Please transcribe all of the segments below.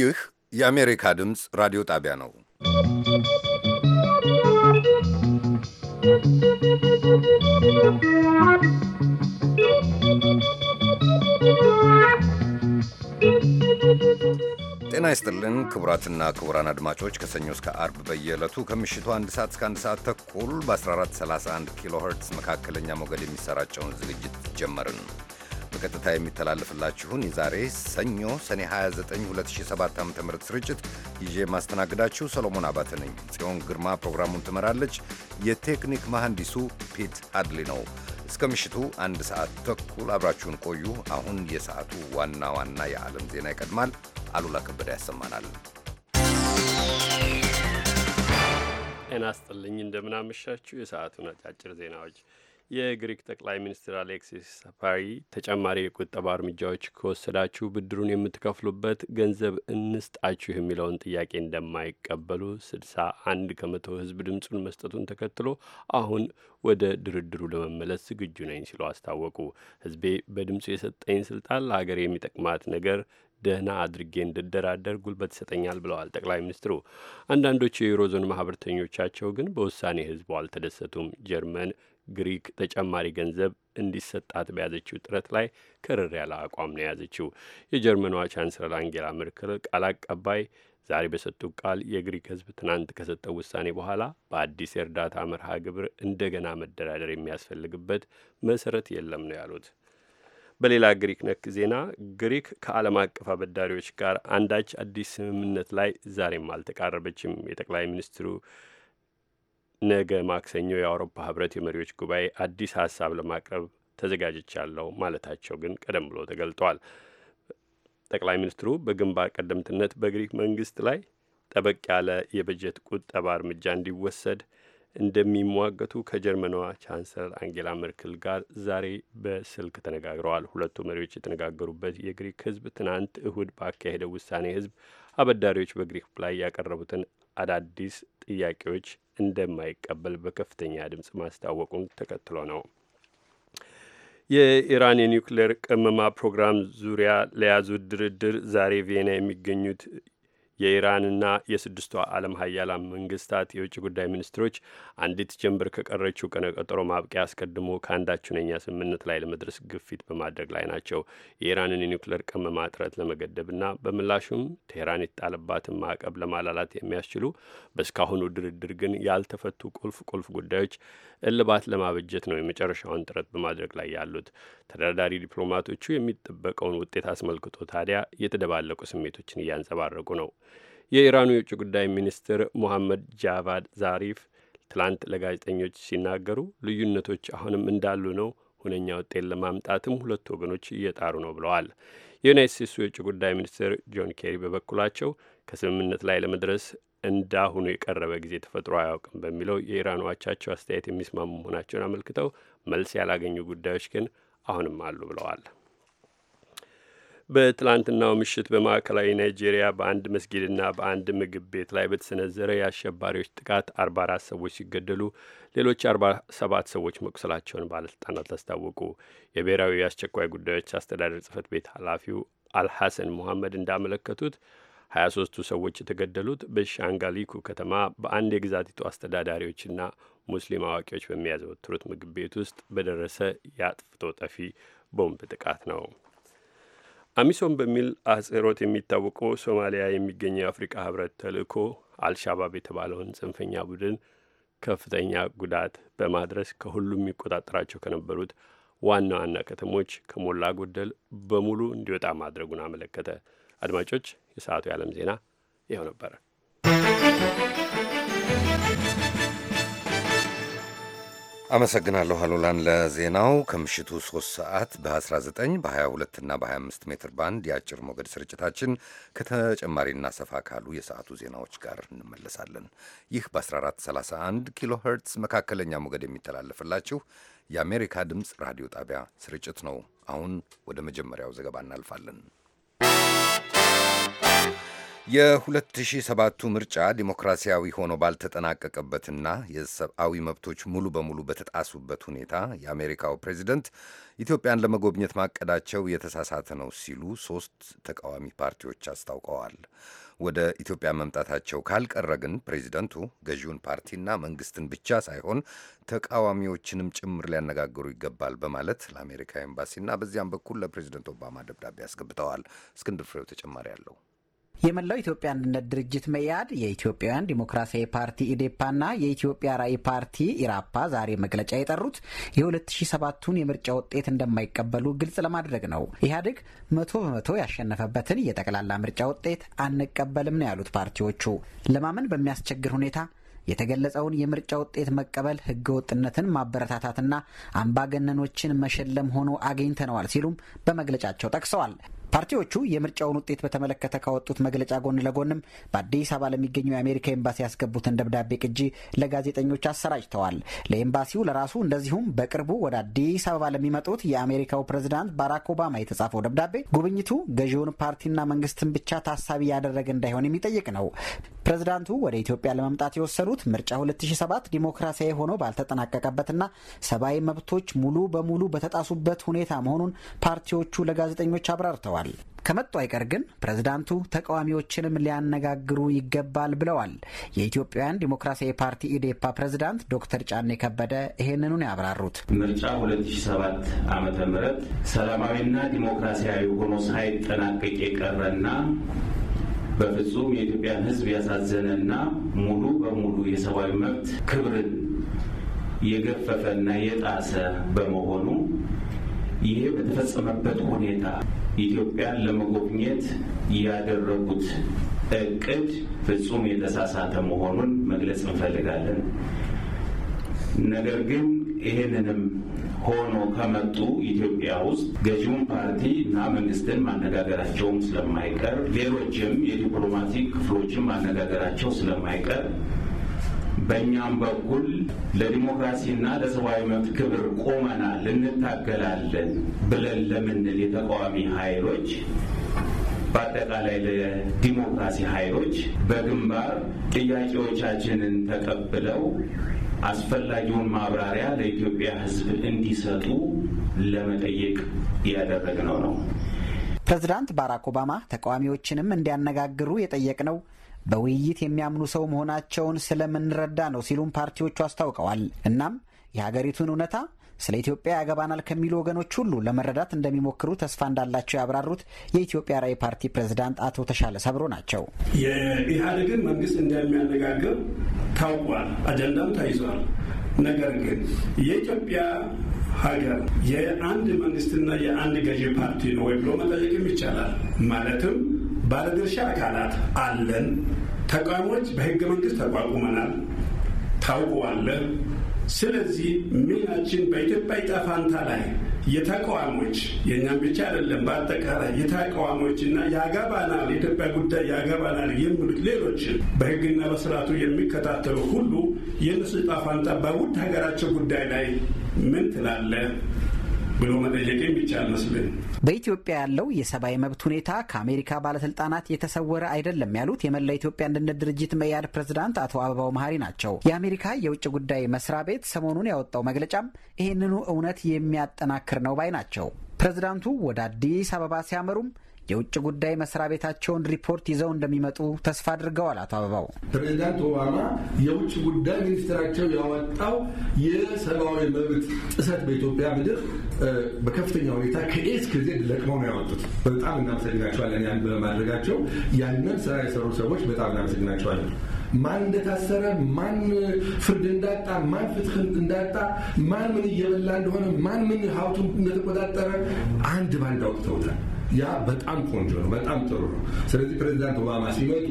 ይህ የአሜሪካ ድምፅ ራዲዮ ጣቢያ ነው። ጤና ይስጥልን ክቡራትና ክቡራን አድማጮች ከሰኞ እስከ አርብ በየዕለቱ ከምሽቱ አንድ ሰዓት እስከ አንድ ሰዓት ተኩል በ1431 ኪሎ ሄርትስ መካከለኛ ሞገድ የሚሰራጨውን ዝግጅት ጀመርን። በቀጥታ የሚተላለፍላችሁን የዛሬ ሰኞ ሰኔ 29 2007 ዓ ም ስርጭት ይዤ የማስተናግዳችሁ ሰሎሞን አባተ ነኝ። ጽዮን ግርማ ፕሮግራሙን ትመራለች። የቴክኒክ መሐንዲሱ ፒት አድሊ ነው። እስከ ምሽቱ አንድ ሰዓት ተኩል አብራችሁን ቆዩ። አሁን የሰዓቱ ዋና ዋና የዓለም ዜና ይቀድማል። አሉላ ከበደ ያሰማናል። ጤና ይስጥልኝ እንደምናመሻችሁ። የሰዓቱን አጫጭር ዜናዎች የግሪክ ጠቅላይ ሚኒስትር አሌክሲስ ሳፓሪ ተጨማሪ የቁጠባ እርምጃዎች ከወሰዳችሁ ብድሩን የምትከፍሉበት ገንዘብ እንስጣችሁ የሚለውን ጥያቄ እንደማይቀበሉ ስድሳ አንድ ከመቶ ህዝብ ድምፁን መስጠቱን ተከትሎ አሁን ወደ ድርድሩ ለመመለስ ዝግጁ ነኝ ሲሉ አስታወቁ። ህዝቤ በድምፁ የሰጠኝ ስልጣን ለሀገር የሚጠቅማት ነገር ደህና አድርጌ እንድደራደር ጉልበት ይሰጠኛል ብለዋል ጠቅላይ ሚኒስትሩ። አንዳንዶቹ የዩሮዞን ማህበርተኞቻቸው ግን በውሳኔ ህዝቡ አልተደሰቱም። ጀርመን ግሪክ ተጨማሪ ገንዘብ እንዲሰጣት በያዘችው ጥረት ላይ ከርር ያለ አቋም ነው የያዘችው። የጀርመኗ ቻንስለር አንጌላ መርክል ቃል አቀባይ ዛሬ በሰጡት ቃል የግሪክ ሕዝብ ትናንት ከሰጠው ውሳኔ በኋላ በአዲስ የእርዳታ መርሃ ግብር እንደገና መደራደር የሚያስፈልግበት መሰረት የለም ነው ያሉት። በሌላ ግሪክ ነክ ዜና ግሪክ ከዓለም አቀፍ አበዳሪዎች ጋር አንዳች አዲስ ስምምነት ላይ ዛሬም አልተቃረበችም። የጠቅላይ ሚኒስትሩ ነገ ማክሰኞ የአውሮፓ ህብረት የመሪዎች ጉባኤ አዲስ ሀሳብ ለማቅረብ ተዘጋጅቻለሁ ማለታቸው ግን ቀደም ብሎ ተገልጧል። ጠቅላይ ሚኒስትሩ በግንባር ቀደምትነት በግሪክ መንግስት ላይ ጠበቅ ያለ የበጀት ቁጠባ እርምጃ እንዲወሰድ እንደሚሟገቱ ከጀርመኗ ቻንሰለር አንጌላ መርክል ጋር ዛሬ በስልክ ተነጋግረዋል። ሁለቱ መሪዎች የተነጋገሩበት የግሪክ ህዝብ ትናንት እሁድ ባካሄደው ውሳኔ ህዝብ አበዳሪዎች በግሪክ ላይ ያቀረቡትን አዳዲስ ጥያቄዎች እንደማይቀበል በከፍተኛ ድምፅ ማስታወቁን ተከትሎ ነው። የኢራን የኒውክሌር ቅመማ ፕሮግራም ዙሪያ ለያዙት ድርድር ዛሬ ቪየና የሚገኙት የኢራንና የስድስቱ ዓለም ሀያላን መንግስታት የውጭ ጉዳይ ሚኒስትሮች አንዲት ጀንበር ከቀረችው ቀነ ቀጠሮ ማብቂያ አስቀድሞ ከአንዳችሁ ነኛ ስምምነት ላይ ለመድረስ ግፊት በማድረግ ላይ ናቸው። የኢራንን የኒውክሌር ቅመማ ጥረት ለመገደብና በምላሹም ቴህራን የተጣለባትን ማዕቀብ ለማላላት የሚያስችሉ በእስካሁኑ ድርድር ግን ያልተፈቱ ቁልፍ ቁልፍ ጉዳዮች እልባት ለማበጀት ነው የመጨረሻውን ጥረት በማድረግ ላይ ያሉት። ተደራዳሪ ዲፕሎማቶቹ የሚጠበቀውን ውጤት አስመልክቶ ታዲያ የተደባለቁ ስሜቶችን እያንጸባረቁ ነው። የኢራኑ የውጭ ጉዳይ ሚኒስትር ሞሐመድ ጃቫድ ዛሪፍ ትላንት ለጋዜጠኞች ሲናገሩ ልዩነቶች አሁንም እንዳሉ ነው፣ ሁነኛ ውጤት ለማምጣትም ሁለቱ ወገኖች እየጣሩ ነው ብለዋል። የዩናይት ስቴትሱ የውጭ ጉዳይ ሚኒስትር ጆን ኬሪ በበኩላቸው ከስምምነት ላይ ለመድረስ እንዳሁኑ የቀረበ ጊዜ ተፈጥሮ አያውቅም በሚለው የኢራኑ አቻቸው አስተያየት የሚስማሙ መሆናቸውን አመልክተው መልስ ያላገኙ ጉዳዮች ግን አሁንም አሉ ብለዋል። በትላንትናው ምሽት በማዕከላዊ ናይጄሪያ በአንድ መስጊድና በአንድ ምግብ ቤት ላይ በተሰነዘረ የአሸባሪዎች ጥቃት አርባ አራት ሰዎች ሲገደሉ ሌሎች ሰባት ሰዎች መቁሰላቸውን ባለስልጣናት አስታወቁ። የብሔራዊ የአስቸኳይ ጉዳዮች አስተዳደር ጽህፈት ቤት ኃላፊው አልሐሰን ሙሐመድ እንዳመለከቱት ሀያ ሶስቱ ሰዎች የተገደሉት በሻንጋሊኩ ከተማ በአንድ የግዛቲቱ አስተዳዳሪዎችና ሙስሊም አዋቂዎች በሚያዘወትሩት ምግብ ቤት ውስጥ በደረሰ የአጥፍቶ ጠፊ ቦምብ ጥቃት ነው። አሚሶም በሚል አጽሮት የሚታወቀው ሶማሊያ የሚገኘ የአፍሪቃ ህብረት ተልእኮ አልሻባብ የተባለውን ጽንፈኛ ቡድን ከፍተኛ ጉዳት በማድረስ ከሁሉም የሚቆጣጠራቸው ከነበሩት ዋና ዋና ከተሞች ከሞላ ጎደል በሙሉ እንዲወጣ ማድረጉን አመለከተ። አድማጮች፣ የሰዓቱ የዓለም ዜና ይኸው ነበር። አመሰግናለሁ አሉላን ለዜናው። ከምሽቱ 3 ሰዓት በ19 በ22 እና በ25 ሜትር ባንድ የአጭር ሞገድ ስርጭታችን ከተጨማሪና ሰፋ ካሉ የሰዓቱ ዜናዎች ጋር እንመለሳለን። ይህ በ1431 ኪሎ ሄርትስ መካከለኛ ሞገድ የሚተላለፍላችሁ የአሜሪካ ድምፅ ራዲዮ ጣቢያ ስርጭት ነው። አሁን ወደ መጀመሪያው ዘገባ እናልፋለን። የ2007ቱ ምርጫ ዲሞክራሲያዊ ሆኖ ባልተጠናቀቀበትና የሰብአዊ መብቶች ሙሉ በሙሉ በተጣሱበት ሁኔታ የአሜሪካው ፕሬዚደንት ኢትዮጵያን ለመጎብኘት ማቀዳቸው የተሳሳተ ነው ሲሉ ሶስት ተቃዋሚ ፓርቲዎች አስታውቀዋል። ወደ ኢትዮጵያ መምጣታቸው ካልቀረ ግን ፕሬዚደንቱ ገዢውን ፓርቲና መንግስትን ብቻ ሳይሆን ተቃዋሚዎችንም ጭምር ሊያነጋግሩ ይገባል በማለት ለአሜሪካ ኤምባሲና በዚያም በኩል ለፕሬዚደንት ኦባማ ደብዳቤ አስገብተዋል። እስክንድር ፍሬው ተጨማሪ አለው። የመላው ኢትዮጵያ አንድነት ድርጅት መያድ የኢትዮጵያውያን ዲሞክራሲያዊ ፓርቲ ኢዴፓና የኢትዮጵያ ራዕይ ፓርቲ ኢራፓ ዛሬ መግለጫ የጠሩት የ2007ቱን የምርጫ ውጤት እንደማይቀበሉ ግልጽ ለማድረግ ነው። ኢህአዴግ መቶ በመቶ ያሸነፈበትን የጠቅላላ ምርጫ ውጤት አንቀበልም ነው ያሉት ፓርቲዎቹ። ለማመን በሚያስቸግር ሁኔታ የተገለጸውን የምርጫ ውጤት መቀበል ህገወጥነትን ማበረታታትና አምባገነኖችን መሸለም ሆኖ አግኝተነዋል ሲሉም በመግለጫቸው ጠቅሰዋል። ፓርቲዎቹ የምርጫውን ውጤት በተመለከተ ካወጡት መግለጫ ጎን ለጎንም በአዲስ አበባ ለሚገኘው የአሜሪካ ኤምባሲ ያስገቡትን ደብዳቤ ቅጂ ለጋዜጠኞች አሰራጭተዋል። ለኤምባሲው ለራሱ እንደዚሁም በቅርቡ ወደ አዲስ አበባ ለሚመጡት የአሜሪካው ፕሬዝዳንት ባራክ ኦባማ የተጻፈው ደብዳቤ ጉብኝቱ ገዢውን ፓርቲና መንግስትን ብቻ ታሳቢ ያደረገ እንዳይሆን የሚጠይቅ ነው። ፕሬዝዳንቱ ወደ ኢትዮጵያ ለመምጣት የወሰኑት ምርጫ 2007 ዲሞክራሲያዊ ሆኖ ባልተጠናቀቀበትና ሰብአዊ መብቶች ሙሉ በሙሉ በተጣሱበት ሁኔታ መሆኑን ፓርቲዎቹ ለጋዜጠኞች አብራርተዋል። አሳስበዋል። ከመጡ አይቀር ግን ፕሬዝዳንቱ ተቃዋሚዎችንም ሊያነጋግሩ ይገባል ብለዋል። የኢትዮጵያውያን ዲሞክራሲያዊ ፓርቲ ኢዴፓ ፕሬዝዳንት ዶክተር ጫኔ ከበደ ይህንኑን ያብራሩት ምርጫ 2007 ዓ ም ሰላማዊና ዲሞክራሲያዊ ሆኖ ሳይጠናቀቅ የቀረና በፍጹም የኢትዮጵያን ሕዝብ ያሳዘነና ሙሉ በሙሉ የሰብአዊ መብት ክብርን የገፈፈና የጣሰ በመሆኑ ይህ በተፈጸመበት ሁኔታ ኢትዮጵያን ለመጎብኘት ያደረጉት እቅድ ፍጹም የተሳሳተ መሆኑን መግለጽ እንፈልጋለን። ነገር ግን ይህንንም ሆኖ ከመጡ ኢትዮጵያ ውስጥ ገዢውን ፓርቲ እና መንግስትን ማነጋገራቸውም ስለማይቀር ሌሎችም የዲፕሎማቲክ ክፍሎችን ማነጋገራቸው ስለማይቀር በእኛም በኩል ለዲሞክራሲና ለሰብአዊ መብት ክብር ቆመናል፣ እንታገላለን ብለን ለምንል የተቃዋሚ ኃይሎች በአጠቃላይ ለዲሞክራሲ ኃይሎች በግንባር ጥያቄዎቻችንን ተቀብለው አስፈላጊውን ማብራሪያ ለኢትዮጵያ ሕዝብ እንዲሰጡ ለመጠየቅ እያደረግነው ነው። ፕሬዚዳንት ባራክ ኦባማ ተቃዋሚዎችንም እንዲያነጋግሩ የጠየቅነው በውይይት የሚያምኑ ሰው መሆናቸውን ስለምንረዳ ነው ሲሉም ፓርቲዎቹ አስታውቀዋል። እናም የሀገሪቱን እውነታ ስለ ኢትዮጵያ ያገባናል ከሚሉ ወገኖች ሁሉ ለመረዳት እንደሚሞክሩ ተስፋ እንዳላቸው ያብራሩት የኢትዮጵያ ራዕይ ፓርቲ ፕሬዝዳንት አቶ ተሻለ ሰብሮ ናቸው። የኢህአዴግን መንግስት እንደሚያነጋግር ታውቋል፣ አጀንዳም ተይዟል። ነገር ግን የኢትዮጵያ ሀገር የአንድ መንግስትና የአንድ ገዢ ፓርቲ ነው ወይ ብሎ መጠየቅም ይቻላል። ማለትም ባለድርሻ አካላት አለን፣ ተቋሞች በህገ መንግስት ተቋቁመናል፣ ታውቋል። ስለዚህ ሚናችን በኢትዮጵያ ዕጣ ፈንታ ላይ የተቃዋሞች የእኛም ብቻ አይደለም፣ በአጠቃላይ የተቃዋሞችና የአገባናል የኢትዮጵያ ጉዳይ የአገባናል የሚሉት ሌሎችን በህግና በስርዓቱ የሚከታተሉ ሁሉ የእነሱ ዕጣ ፈንታ በውድ ሀገራቸው ጉዳይ ላይ ምን ትላለህ? ብሎ መጠየቅ ብቻ አይመስልም። በኢትዮጵያ ያለው የሰብአዊ መብት ሁኔታ ከአሜሪካ ባለስልጣናት የተሰወረ አይደለም ያሉት የመላ ኢትዮጵያ አንድነት ድርጅት መያድ ፕሬዝዳንት አቶ አበባው መሀሪ ናቸው። የአሜሪካ የውጭ ጉዳይ መስሪያ ቤት ሰሞኑን ያወጣው መግለጫም ይህንኑ እውነት የሚያጠናክር ነው ባይ ናቸው። ፕሬዝዳንቱ ወደ አዲስ አበባ ሲያመሩም የውጭ ጉዳይ መስሪያ ቤታቸውን ሪፖርት ይዘው እንደሚመጡ ተስፋ አድርገዋል። አቶ አበባው ፕሬዚዳንት ኦባማ የውጭ ጉዳይ ሚኒስትራቸው ያወጣው የሰብአዊ መብት ጥሰት በኢትዮጵያ ምድር በከፍተኛ ሁኔታ ከኤ እስከ ዜድ ለቅመው ነው ያወጡት። በጣም እናመሰግናቸዋለን። ያን በማድረጋቸው ያንን ስራ የሰሩ ሰዎች በጣም እናመሰግናቸዋለን። ማን እንደታሰረ፣ ማን ፍርድ እንዳጣ፣ ማን ፍትህ እንዳጣ፣ ማን ምን እየበላ እንደሆነ፣ ማን ምን ሀብቱ እንደተቆጣጠረ አንድ ባንድ አውጥተውታል። ያ በጣም ቆንጆ ነው፣ በጣም ጥሩ ነው። ስለዚህ ፕሬዚዳንት ኦባማ ሲመጡ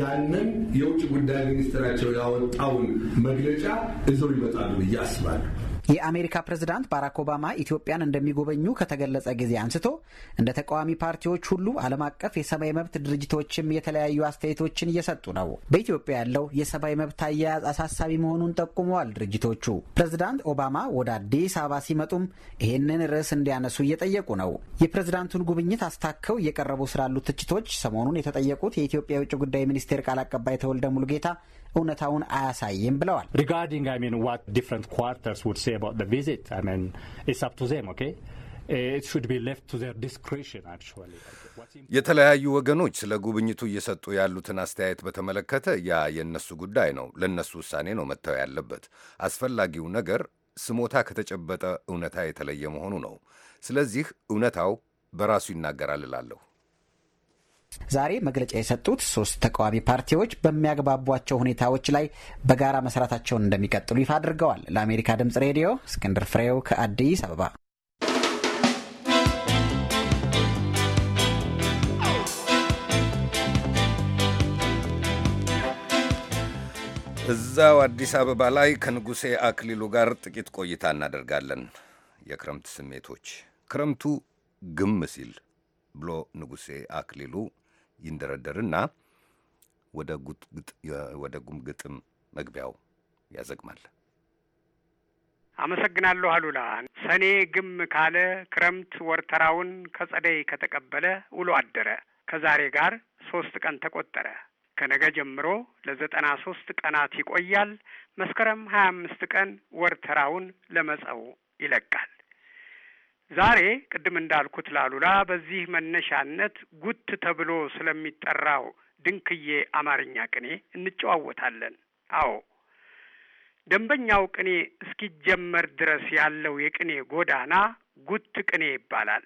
ያንን የውጭ ጉዳይ ሚኒስትራቸው ያወጣውን መግለጫ እዘው ይመጣሉ ብዬ አስባለሁ። የአሜሪካ ፕሬዝዳንት ባራክ ኦባማ ኢትዮጵያን እንደሚጎበኙ ከተገለጸ ጊዜ አንስቶ እንደ ተቃዋሚ ፓርቲዎች ሁሉ ዓለም አቀፍ የሰብአዊ መብት ድርጅቶችም የተለያዩ አስተያየቶችን እየሰጡ ነው። በኢትዮጵያ ያለው የሰብአዊ መብት አያያዝ አሳሳቢ መሆኑን ጠቁመዋል ድርጅቶቹ። ፕሬዝዳንት ኦባማ ወደ አዲስ አበባ ሲመጡም ይህንን ርዕስ እንዲያነሱ እየጠየቁ ነው። የፕሬዝዳንቱን ጉብኝት አስታከው እየቀረቡ ስላሉ ትችቶች ሰሞኑን የተጠየቁት የኢትዮጵያ የውጭ ጉዳይ ሚኒስቴር ቃል አቀባይ ተወልደ ሙሉጌታ እውነታውን አያሳይም ብለዋል። የተለያዩ ወገኖች ስለ ጉብኝቱ እየሰጡ ያሉትን አስተያየት በተመለከተ ያ የእነሱ ጉዳይ ነው፣ ለእነሱ ውሳኔ ነው መጥተው ያለበት። አስፈላጊው ነገር ስሞታ ከተጨበጠ እውነታ የተለየ መሆኑ ነው። ስለዚህ እውነታው በራሱ ይናገራል እላለሁ። ዛሬ መግለጫ የሰጡት ሶስት ተቃዋሚ ፓርቲዎች በሚያግባቧቸው ሁኔታዎች ላይ በጋራ መስራታቸውን እንደሚቀጥሉ ይፋ አድርገዋል። ለአሜሪካ ድምጽ ሬዲዮ እስክንድር ፍሬው ከአዲስ አበባ። እዛው አዲስ አበባ ላይ ከንጉሴ አክሊሉ ጋር ጥቂት ቆይታ እናደርጋለን። የክረምት ስሜቶች ክረምቱ ግም ሲል ብሎ ንጉሴ አክሊሉ ይንደረደርና ወደ ጉምግጥም መግቢያው ያዘግማል። አመሰግናለሁ አሉላ። ሰኔ ግም ካለ ክረምት ወርተራውን ከጸደይ ከተቀበለ ውሎ አደረ። ከዛሬ ጋር ሶስት ቀን ተቆጠረ። ከነገ ጀምሮ ለዘጠና ሶስት ቀናት ይቆያል። መስከረም ሀያ አምስት ቀን ወርተራውን ለመጸው ይለቃል። ዛሬ ቅድም እንዳልኩት ላሉላ በዚህ መነሻነት ጉት ተብሎ ስለሚጠራው ድንክዬ አማርኛ ቅኔ እንጨዋወታለን። አዎ ደንበኛው ቅኔ እስኪጀመር ድረስ ያለው የቅኔ ጎዳና ጉት ቅኔ ይባላል።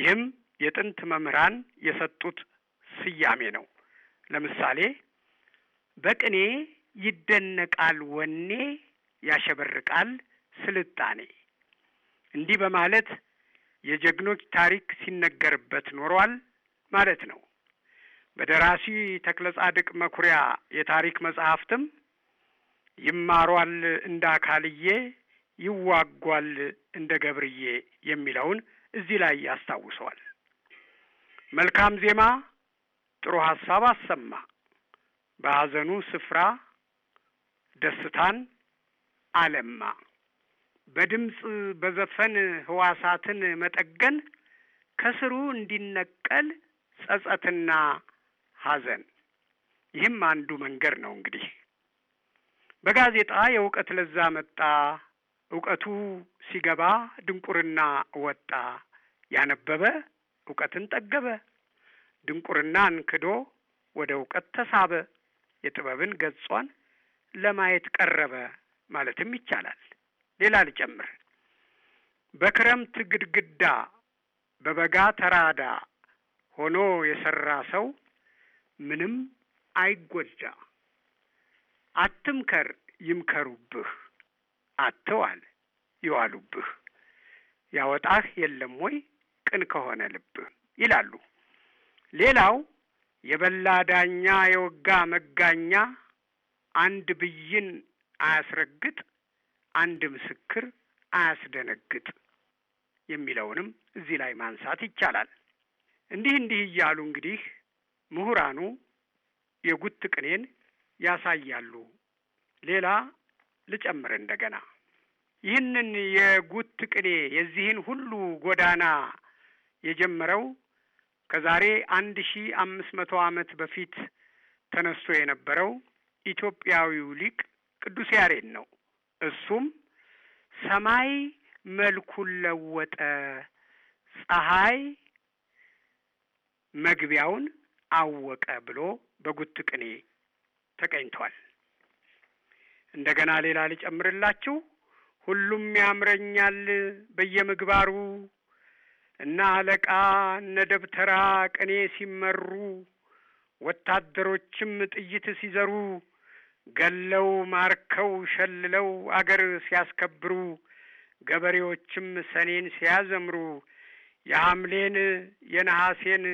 ይህም የጥንት መምህራን የሰጡት ስያሜ ነው። ለምሳሌ በቅኔ ይደነቃል ወኔ፣ ያሸበርቃል ስልጣኔ እንዲህ በማለት የጀግኖች ታሪክ ሲነገርበት ኖሯል ማለት ነው። በደራሲ ተክለ ጻድቅ መኩሪያ የታሪክ መጽሐፍትም ይማሯል እንደ አካልዬ፣ ይዋጓል እንደ ገብርዬ የሚለውን እዚህ ላይ ያስታውሰዋል። መልካም ዜማ ጥሩ ሀሳብ አሰማ፣ በሐዘኑ ስፍራ ደስታን አለማ። በድምፅ በዘፈን ህዋሳትን መጠገን ከስሩ እንዲነቀል ጸጸትና ሐዘን። ይህም አንዱ መንገድ ነው። እንግዲህ በጋዜጣ የእውቀት ለዛ መጣ፣ እውቀቱ ሲገባ ድንቁርና ወጣ። ያነበበ እውቀትን ጠገበ፣ ድንቁርናን ክዶ ወደ እውቀት ተሳበ፣ የጥበብን ገጿን ለማየት ቀረበ ማለትም ይቻላል። ሌላ ልጨምር። በክረምት ግድግዳ በበጋ ተራዳ ሆኖ የሰራ ሰው ምንም አይጎዳ። አትምከር ይምከሩብህ፣ አትዋል ይዋሉብህ፣ ያወጣህ የለም ወይ ቅን ከሆነ ልብህ ይላሉ። ሌላው የበላ ዳኛ የወጋ መጋኛ አንድ ብይን አያስረግጥ አንድ ምስክር አያስደነግጥ የሚለውንም እዚህ ላይ ማንሳት ይቻላል። እንዲህ እንዲህ እያሉ እንግዲህ ምሁራኑ የጉት ቅኔን ያሳያሉ። ሌላ ልጨምር እንደገና ይህንን የጉት ቅኔ የዚህን ሁሉ ጎዳና የጀመረው ከዛሬ አንድ ሺ አምስት መቶ ዓመት በፊት ተነስቶ የነበረው ኢትዮጵያዊው ሊቅ ቅዱስ ያሬድ ነው። እሱም ሰማይ መልኩን ለወጠ፣ ፀሐይ መግቢያውን አወቀ ብሎ በጉት ቅኔ ተቀኝቷል። እንደገና ሌላ ልጨምርላችሁ። ሁሉም ያምረኛል በየምግባሩ እነ አለቃ እነ ደብተራ ቅኔ ሲመሩ ወታደሮችም ጥይት ሲዘሩ ገለው ማርከው ሸልለው አገር ሲያስከብሩ ገበሬዎችም ሰኔን ሲያዘምሩ የሐምሌን የነሐሴን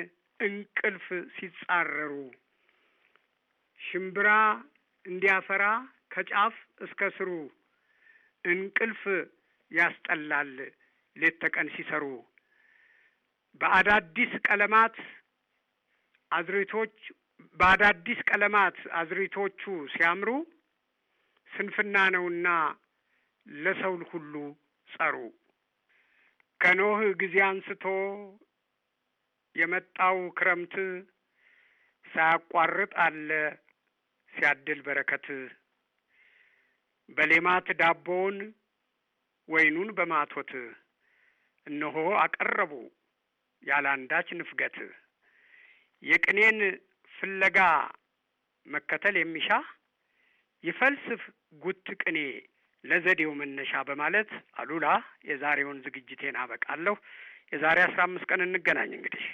እንቅልፍ ሲጻረሩ ሽምብራ እንዲያፈራ ከጫፍ እስከ ስሩ እንቅልፍ ያስጠላል ሌት ተቀን ሲሰሩ በአዳዲስ ቀለማት አዝሪቶች። በአዳዲስ ቀለማት አዝሪቶቹ ሲያምሩ ስንፍና ነውና ለሰው ሁሉ ጸሩ። ከኖህ ጊዜ አንስቶ የመጣው ክረምት ሳያቋርጥ አለ ሲያድል በረከት በሌማት ዳቦውን ወይኑን በማቶት እነሆ አቀረቡ ያለ አንዳች ንፍገት የቅኔን ፍለጋ መከተል የሚሻ ይፈልስፍ ጉት ቅኔ ለዘዴው መነሻ በማለት አሉላ የዛሬውን ዝግጅቴን አበቃለሁ። የዛሬ አስራ አምስት ቀን እንገናኝ እንግዲህ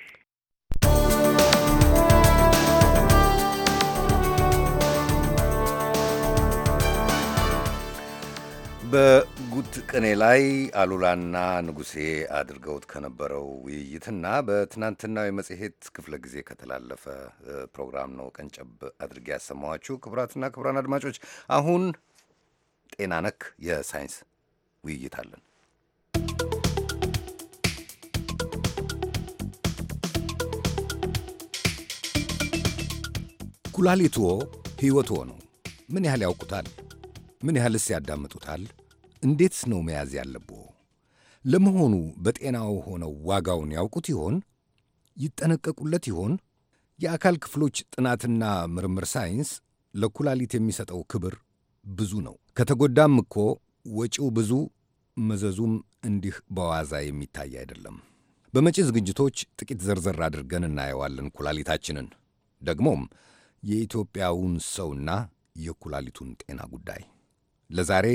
በጉት ቅኔ ላይ አሉላና ንጉሴ አድርገውት ከነበረው ውይይትና በትናንትናው የመጽሔት ክፍለ ጊዜ ከተላለፈ ፕሮግራም ነው ቀንጨብ አድርጌ ያሰማኋችሁ። ክቡራትና ክቡራን አድማጮች አሁን ጤና ነክ የሳይንስ ውይይት አለን። ኩላሊትዎ ሕይወትዎ ነው። ምን ያህል ያውቁታል? ምን ያህልስ ያዳምጡታል? እንዴትስ ነው መያዝ ያለብዎ? ለመሆኑ በጤናው ሆነው ዋጋውን ያውቁት ይሆን? ይጠነቀቁለት ይሆን? የአካል ክፍሎች ጥናትና ምርምር ሳይንስ ለኩላሊት የሚሰጠው ክብር ብዙ ነው። ከተጎዳም እኮ ወጪው ብዙ፣ መዘዙም እንዲህ በዋዛ የሚታይ አይደለም። በመጪ ዝግጅቶች ጥቂት ዘርዘር አድርገን እናየዋለን ኩላሊታችንን፣ ደግሞም የኢትዮጵያውን ሰውና የኩላሊቱን ጤና ጉዳይ ለዛሬ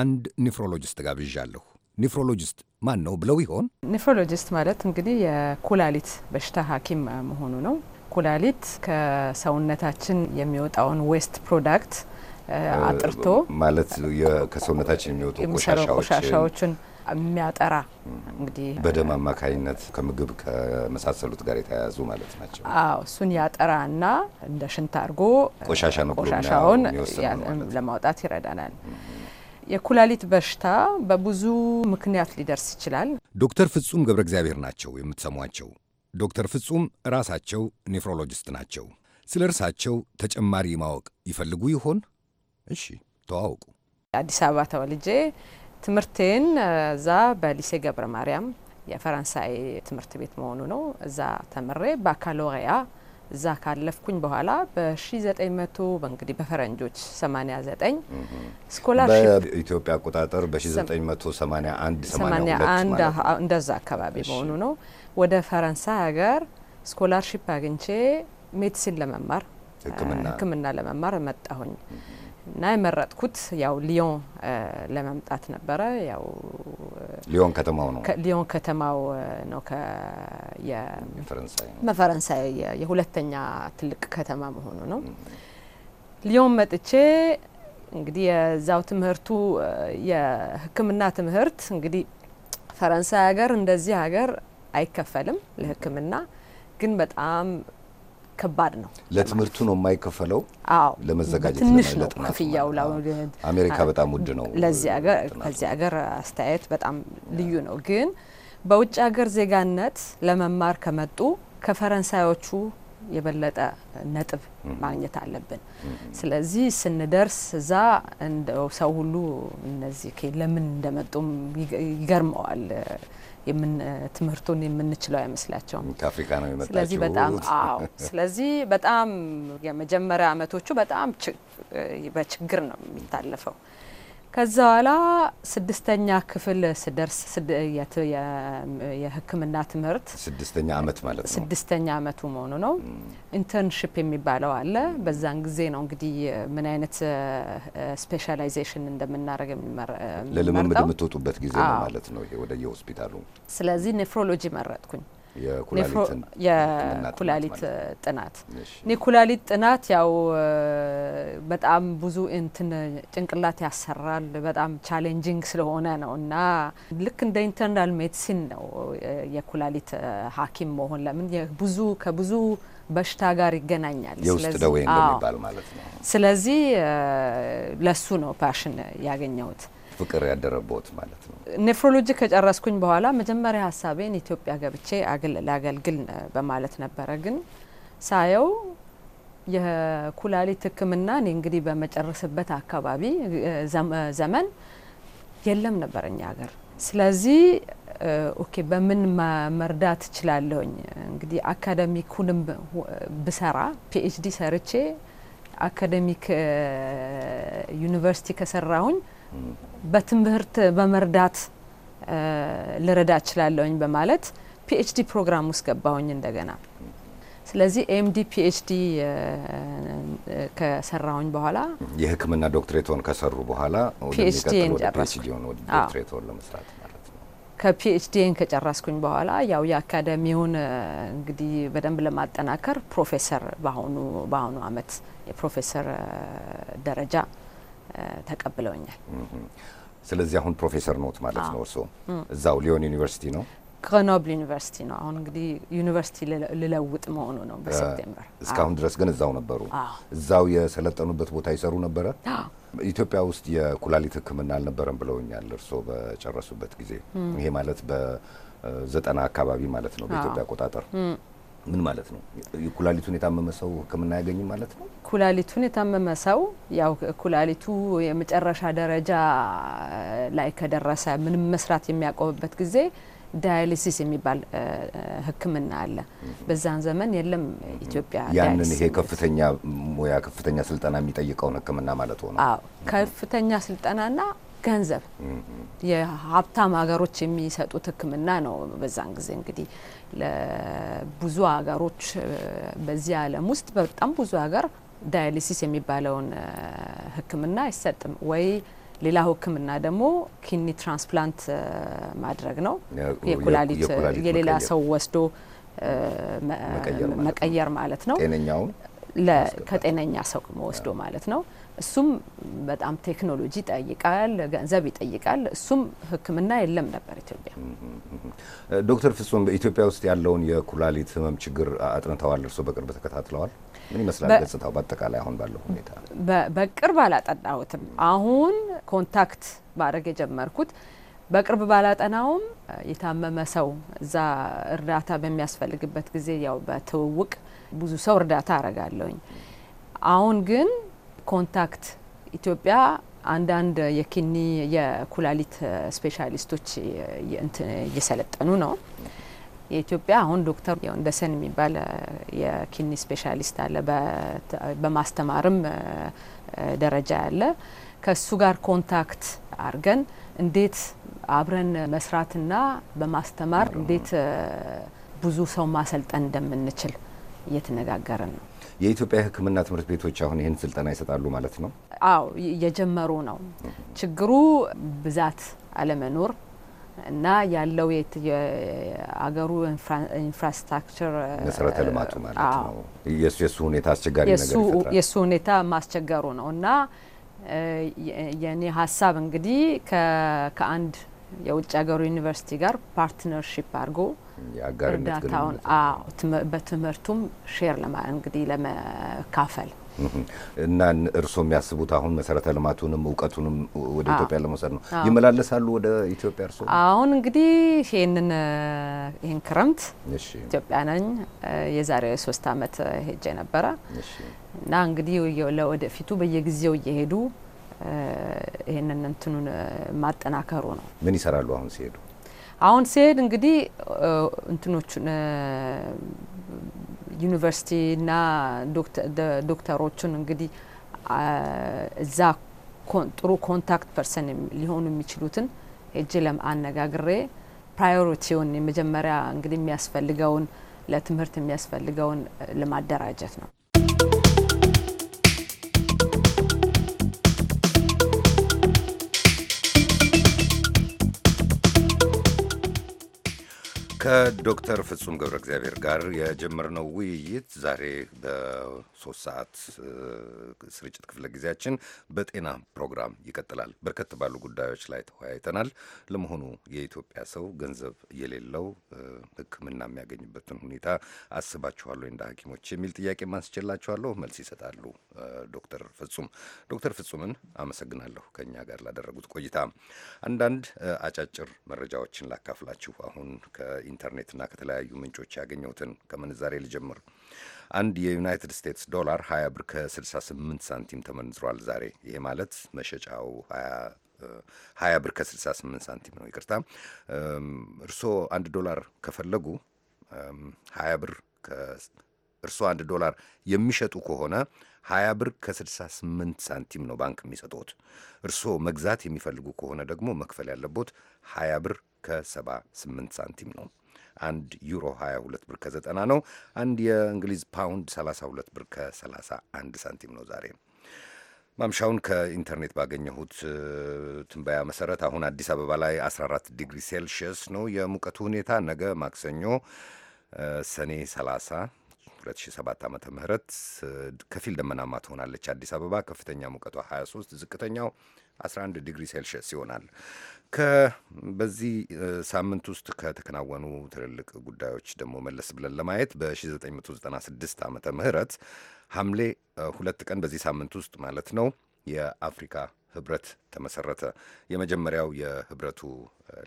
አንድ ኒፍሮሎጂስት ጋብዣለሁ። ኒፍሮሎጂስት ማን ነው ብለው ይሆን? ኒፍሮሎጂስት ማለት እንግዲህ የኩላሊት በሽታ ሐኪም መሆኑ ነው። ኩላሊት ከሰውነታችን የሚወጣውን ዌስት ፕሮዳክት አጥርቶ ማለት ከሰውነታችን የሚወጡ ቆሻሻዎችን የሚያጠራ እንግዲህ በደም አማካኝነት ከምግብ ከመሳሰሉት ጋር የተያያዙ ማለት ናቸው። አዎ እሱን ያጠራ እና እንደ ሽንት አድርጎ ቆሻሻ ነው ቆሻሻውን ለማውጣት ይረዳናል። የኩላሊት በሽታ በብዙ ምክንያት ሊደርስ ይችላል። ዶክተር ፍጹም ገብረ እግዚአብሔር ናቸው የምትሰሟቸው። ዶክተር ፍጹም ራሳቸው ኔፍሮሎጂስት ናቸው። ስለ እርሳቸው ተጨማሪ ማወቅ ይፈልጉ ይሆን? እሺ ተዋውቁ። አዲስ አበባ ተወልጄ ትምህርቴን እዛ በሊሴ ገብረ ማርያም የፈረንሳይ ትምህርት ቤት መሆኑ ነው እዛ ተምሬ ባካሎሪያ እዛ ካለፍኩኝ በኋላ በ1900 እንግዲህ በፈረንጆች 89 ስኮላርሺፕ በኢትዮጵያ አቆጣጠር በ1981 እንደዛ አካባቢ መሆኑ ነው። ወደ ፈረንሳይ ሀገር ስኮላርሺፕ አግኝቼ ሜዲሲን ለመማር ሕክምና ለመማር መጣሁኝ። እና የመረጥኩት ያው ሊዮን ለመምጣት ነበረ። ያው ሊዮን ከተማው ነው ሊዮን ከተማው ነው ከፈረንሳይ የሁለተኛ ትልቅ ከተማ መሆኑ ነው። ሊዮን መጥቼ እንግዲህ የዛው ትምህርቱ የሕክምና ትምህርት እንግዲህ ፈረንሳይ ሀገር እንደዚህ ሀገር አይከፈልም ለሕክምና ግን በጣም ከባድ ነው። ለትምህርቱ ነው የማይከፈለው። አዎ ለመዘጋጀት ትንሽ ነው ክፍያው። አሜሪካ በጣም ውድ ነው። ከዚህ ሀገር አስተያየት በጣም ልዩ ነው። ግን በውጭ ሀገር ዜጋነት ለመማር ከመጡ ከፈረንሳዮቹ የበለጠ ነጥብ ማግኘት አለብን። ስለዚህ ስንደርስ እዛ ሰው ሁሉ እነዚህ ለምን እንደመጡም ይገርመዋል። ትምህርቱን የምንችለው አይመስላቸውም። ከአፍሪካ ነው የመጣችው። ስለዚህ በጣም አዎ፣ ስለዚህ በጣም የመጀመሪያ አመቶቹ በጣም በችግር ነው የሚታለፈው። ከዛ በኋላ ስድስተኛ ክፍል ስደርስ የሕክምና ትምህርት ስድስተኛ አመት ማለት ነው። ስድስተኛ አመቱ መሆኑ ነው። ኢንተርንሽፕ የሚባለው አለ። በዛን ጊዜ ነው እንግዲህ ምን አይነት ስፔሻላይዜሽን እንደምናደርግ ለልምምድ የምትወጡበት ጊዜ ነው ማለት ነው። ይሄ ወደ የሆስፒታሉ ስለዚህ ኔፍሮሎጂ መረጥኩኝ። የኩላሊት ጥናት የኩላሊት ጥናት ያው በጣም ብዙ እንትን ጭንቅላት ያሰራል። በጣም ቻሌንጂንግ ስለሆነ ነው እና ልክ እንደ ኢንተርናል ሜዲሲን ነው የኩላሊት ሐኪም መሆን ለምን ብዙ ከብዙ በሽታ ጋር ይገናኛል። የውስጥ ደዌ እንደሚባል ማለት ነው። ስለዚህ ለሱ ነው ፓሽን ያገኘሁት። ፍቅር ያደረቦት ማለት ነው። ኔፍሮሎጂ ከጨረስኩኝ በኋላ መጀመሪያ ሀሳቤን ኢትዮጵያ ገብቼ ላገልግል በማለት ነበረ። ግን ሳየው የኩላሊት ሕክምና እኔ እንግዲህ በመጨረስበት አካባቢ ዘመን የለም ነበር እኛ ሀገር። ስለዚህ ኦኬ በምን መርዳት እችላለሁኝ? እንግዲህ አካደሚኩንም ብሰራ ፒኤችዲ ሰርቼ አካደሚክ ዩኒቨርሲቲ ከሰራሁኝ በትምህርት በመርዳት ልረዳ እችላለሁኝ በማለት ፒኤችዲ ፕሮግራም ውስጥ ገባሁኝ እንደገና። ስለዚህ ኤምዲ ፒኤችዲ ከሰራሁኝ በኋላ የሕክምና ዶክትሬቶን ከሰሩ በኋላ ፒኤችዲን ዶክትሬቶን ለመስራት ከፒኤችዲን ከጨረስኩኝ በኋላ ያው የአካደሚውን እንግዲህ በደንብ ለማጠናከር ፕሮፌሰር በአሁኑ በአሁኑ አመት የፕሮፌሰር ደረጃ ተቀብለውኛል። ስለዚህ አሁን ፕሮፌሰር ኖት ማለት ነው እርስዎ? እዛው ሊዮን ዩኒቨርሲቲ ነው? ከኖብል ዩኒቨርሲቲ ነው። አሁን እንግዲህ ዩኒቨርሲቲ ልለውጥ መሆኑ ነው በሴፕቴምበር። እስካሁን ድረስ ግን እዛው ነበሩ? እዛው የሰለጠኑበት ቦታ ይሰሩ ነበረ? ኢትዮጵያ ውስጥ የኩላሊት ሕክምና አልነበረም ብለውኛል እርስዎ በጨረሱበት ጊዜ። ይሄ ማለት በዘጠና አካባቢ ማለት ነው በኢትዮጵያ አቆጣጠር ምን ማለት ነው? ኩላሊቱን የታመመ ሰው ሕክምና አያገኝም ማለት ነው? ኩላሊቱን የታመመ ሰው ያው ኩላሊቱ የመጨረሻ ደረጃ ላይ ከደረሰ ምንም መስራት የሚያቆምበት ጊዜ ዳያሊሲስ የሚባል ሕክምና አለ። በዛን ዘመን የለም ኢትዮጵያ ያንን ይሄ ከፍተኛ ሙያ ከፍተኛ ስልጠና የሚጠይቀውን ሕክምና ማለት ሆነ። አዎ ከፍተኛ ስልጠናና ገንዘብ የሀብታም ሀገሮች የሚሰጡት ሕክምና ነው። በዛን ጊዜ እንግዲህ ለብዙ ሀገሮች በዚህ ዓለም ውስጥ በጣም ብዙ ሀገር ዳያሊሲስ የሚባለውን ሕክምና አይሰጥም ወይ ሌላ ሕክምና ደግሞ ኪኒ ትራንስፕላንት ማድረግ ነው። የኩላሊት የሌላ ሰው ወስዶ መቀየር ማለት ነው። ከጤነኛ ሰው ወስዶ ማለት ነው። እሱም በጣም ቴክኖሎጂ ይጠይቃል፣ ገንዘብ ይጠይቃል። እሱም ሕክምና የለም ነበር ኢትዮጵያ። ዶክተር ፍጹም በኢትዮጵያ ውስጥ ያለውን የኩላሊት ህመም ችግር አጥንተዋል። እርስዎ በቅርብ ተከታትለዋል። ምን ይመስላል ገጽታው በአጠቃላይ አሁን ባለው ሁኔታ? በቅርብ አላጠናሁትም። አሁን ኮንታክት ማድረግ የጀመርኩት በቅርብ ባላጠናውም የታመመ ሰው እዛ እርዳታ በሚያስፈልግበት ጊዜ ያው በትውውቅ ብዙ ሰው እርዳታ አረጋለሁኝ። አሁን ግን ኮንታክት ኢትዮጵያ አንዳንድ የኪኒ የኩላሊት ስፔሻሊስቶች እየሰለጠኑ ነው። የኢትዮጵያ አሁን ዶክተር ወንደሰን የሚባል የኪኒ ስፔሻሊስት አለ። በማስተማርም ደረጃ ያለ ከሱ ጋር ኮንታክት አድርገን እንዴት አብረን መስራትና በማስተማር እንዴት ብዙ ሰው ማሰልጠን እንደምንችል እየተነጋገርን ነው። የኢትዮጵያ ሕክምና ትምህርት ቤቶች አሁን ይህን ስልጠና ይሰጣሉ ማለት ነው? አዎ እየጀመሩ ነው። ችግሩ ብዛት አለመኖር እና ያለው የአገሩ ኢንፍራስትራክቸር መሰረተ ልማቱ ማለት ነው ሁኔታ አስቸጋሪ ነገር ይፈጥራል። ሁኔታ ማስቸገሩ ነው እና የኔ ሀሳብ እንግዲህ ከአንድ የውጭ ሀገሩ ዩኒቨርሲቲ ጋር ፓርትነርሺፕ አድርጎ እርዳታውን በትምህርቱም ሼር እንግዲህ ለመካፈል እና እርስዎ የሚያስቡት አሁን መሰረተ ልማቱንም እውቀቱንም ወደ ኢትዮጵያ ለመውሰድ ነው። ይመላለሳሉ ወደ ኢትዮጵያ እርስዎ? አሁን እንግዲህ ይህንን ይህን ክረምት ኢትዮጵያ ነኝ። የዛሬ ሶስት አመት ሄጄ ነበረ እና እንግዲህ ለወደፊቱ በየጊዜው እየሄዱ ይህንን እንትኑን ማጠናከሩ ነው። ምን ይሰራሉ አሁን ሲሄዱ? አሁን ሲሄድ እንግዲህ እንትኖቹ ዩኒቨርሲቲና ዶክተሮቹን እንግዲህ እዛ ጥሩ ኮንታክት ፐርሰን ሊሆኑ የሚችሉትን እጅ ለአነጋግሬ ፕራዮሪቲውን የመጀመሪያ እንግዲህ የሚያስፈልገውን ለትምህርት የሚያስፈልገውን ለማደራጀት ነው። ከዶክተር ፍጹም ገብረ እግዚአብሔር ጋር የጀመርነው ውይይት ዛሬ በሶስት ሰዓት ስርጭት ክፍለ ጊዜያችን በጤና ፕሮግራም ይቀጥላል። በርከት ባሉ ጉዳዮች ላይ ተወያይተናል። ለመሆኑ የኢትዮጵያ ሰው ገንዘብ የሌለው ሕክምና የሚያገኝበትን ሁኔታ አስባችኋለሁ እንደ ሐኪሞች የሚል ጥያቄ ማስችላችኋለሁ። መልስ ይሰጣሉ ዶክተር ፍጹም። ዶክተር ፍጹምን አመሰግናለሁ ከእኛ ጋር ላደረጉት ቆይታ። አንዳንድ አጫጭር መረጃዎችን ላካፍላችሁ አሁን ከኢንተርኔትና ከተለያዩ ምንጮች ያገኘሁትን ከምንዛሬ ልጀምር። አንድ የዩናይትድ ስቴትስ ዶላር 20 ብር ከ68 ሳንቲም ተመንዝሯል ዛሬ። ይሄ ማለት መሸጫው 20 ብር ከ68 ሳንቲም ነው። ይቅርታ። እርስዎ አንድ ዶላር ከፈለጉ 20 ብር እርስዎ አንድ ዶላር የሚሸጡ ከሆነ 20 ብር ከ68 ሳንቲም ነው ባንክ የሚሰጡት። እርስዎ መግዛት የሚፈልጉ ከሆነ ደግሞ መክፈል ያለቦት 20 ብር ከ78 ሳንቲም ነው። አንድ ዩሮ 22 ብር ከ90 ነው። አንድ የእንግሊዝ ፓውንድ 32 ብር ከ31 ሳንቲም ነው ዛሬ ማምሻውን ከኢንተርኔት ባገኘሁት ትንበያ መሰረት አሁን አዲስ አበባ ላይ 14 ዲግሪ ሴልሺየስ ነው የሙቀቱ ሁኔታ። ነገ ማክሰኞ ሰኔ 30 2007 ዓመተ ምህረት ከፊል ደመናማ ትሆናለች አዲስ አበባ። ከፍተኛ ሙቀቷ 23፣ ዝቅተኛው 11 ዲግሪ ሴልሽየስ ይሆናል። በዚህ ሳምንት ውስጥ ከተከናወኑ ትልልቅ ጉዳዮች ደግሞ መለስ ብለን ለማየት በ1996 ዓመተ ምህረት ሐምሌ ሁለት ቀን በዚህ ሳምንት ውስጥ ማለት ነው የአፍሪካ ህብረት ተመሰረተ። የመጀመሪያው የህብረቱ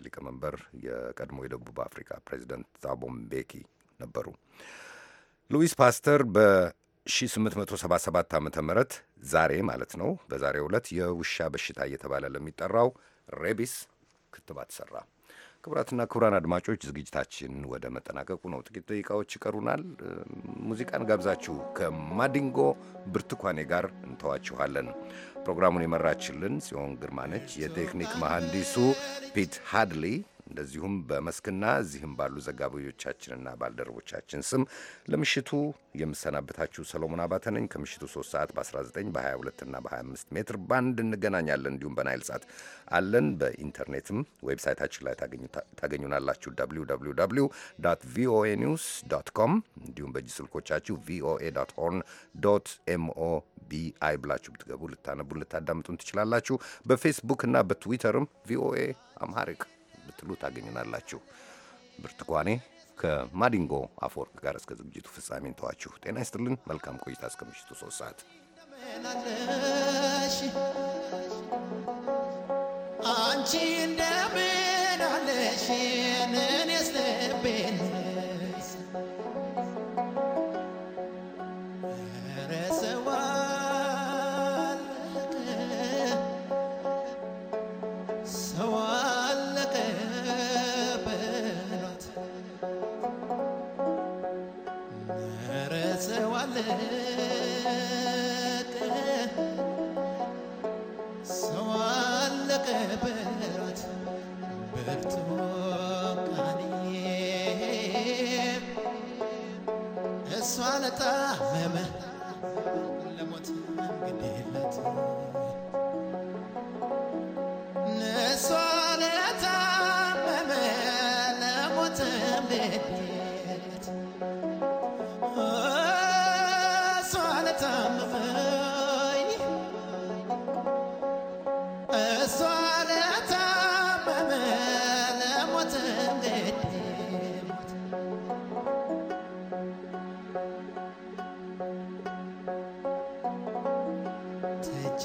ሊቀመንበር የቀድሞ የደቡብ አፍሪካ ፕሬዚደንት ታቦ ምቤኪ ነበሩ። ሉዊስ ፓስተር በ1877 ዓ ም ዛሬ ማለት ነው በዛሬው ዕለት የውሻ በሽታ እየተባለ ለሚጠራው ሬቢስ ክትባት ሰራ። ክቡራትና ክቡራን አድማጮች ዝግጅታችን ወደ መጠናቀቁ ነው። ጥቂት ደቂቃዎች ይቀሩናል። ሙዚቃን ጋብዛችሁ ከማዲንጎ ብርቱካኔ ጋር እንተዋችኋለን። ፕሮግራሙን የመራችልን ሲሆን ግርማ ነች። የቴክኒክ መሐንዲሱ ፒት ሃድሊ እንደዚሁም በመስክና እዚህም ባሉ ዘጋቢዎቻችንና ባልደረቦቻችን ስም ለምሽቱ የምሰናበታችሁ ሰሎሞን አባተ ነኝ። ከምሽቱ 3 ሰዓት በ19 በ22ና በ25 ሜትር ባንድ እንገናኛለን። እንዲሁም በናይል ሳት አለን። በኢንተርኔትም ዌብሳይታችን ላይ ታገኙናላችሁ። www ቪኦኤ ኒውስ ዶት ኮም እንዲሁም በእጅ ስልኮቻችሁ ቪኦኤ ዶት ሆርን ዶት ብላችሁ ብትገቡ ልታነቡን ልታዳምጡን ትችላላችሁ። በፌስቡክ እና በትዊተርም ቪኦኤ አምሃሪክ ብትሉ ታገኙናላችሁ። ብርቱካኔ ከማዲንጎ አፈወርቅ ጋር እስከ ዝግጅቱ ፍጻሜ እንተዋችሁ። ጤና ይስጥልን። መልካም ቆይታ እስከ ምሽቱ ሶስት ሰዓት አንቺ እንደምን አለሽ? ታመመ ለሞት ግዴለት ንሷ ለታመመ ለሞት ግዴ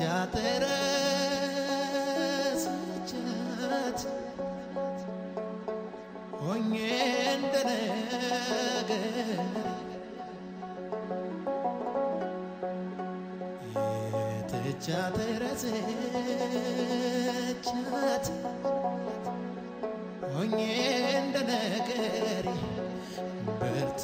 ያተረሳቻት ሆኜ እንደነገር የተቻተረሰቻት ሆኜ በርቱ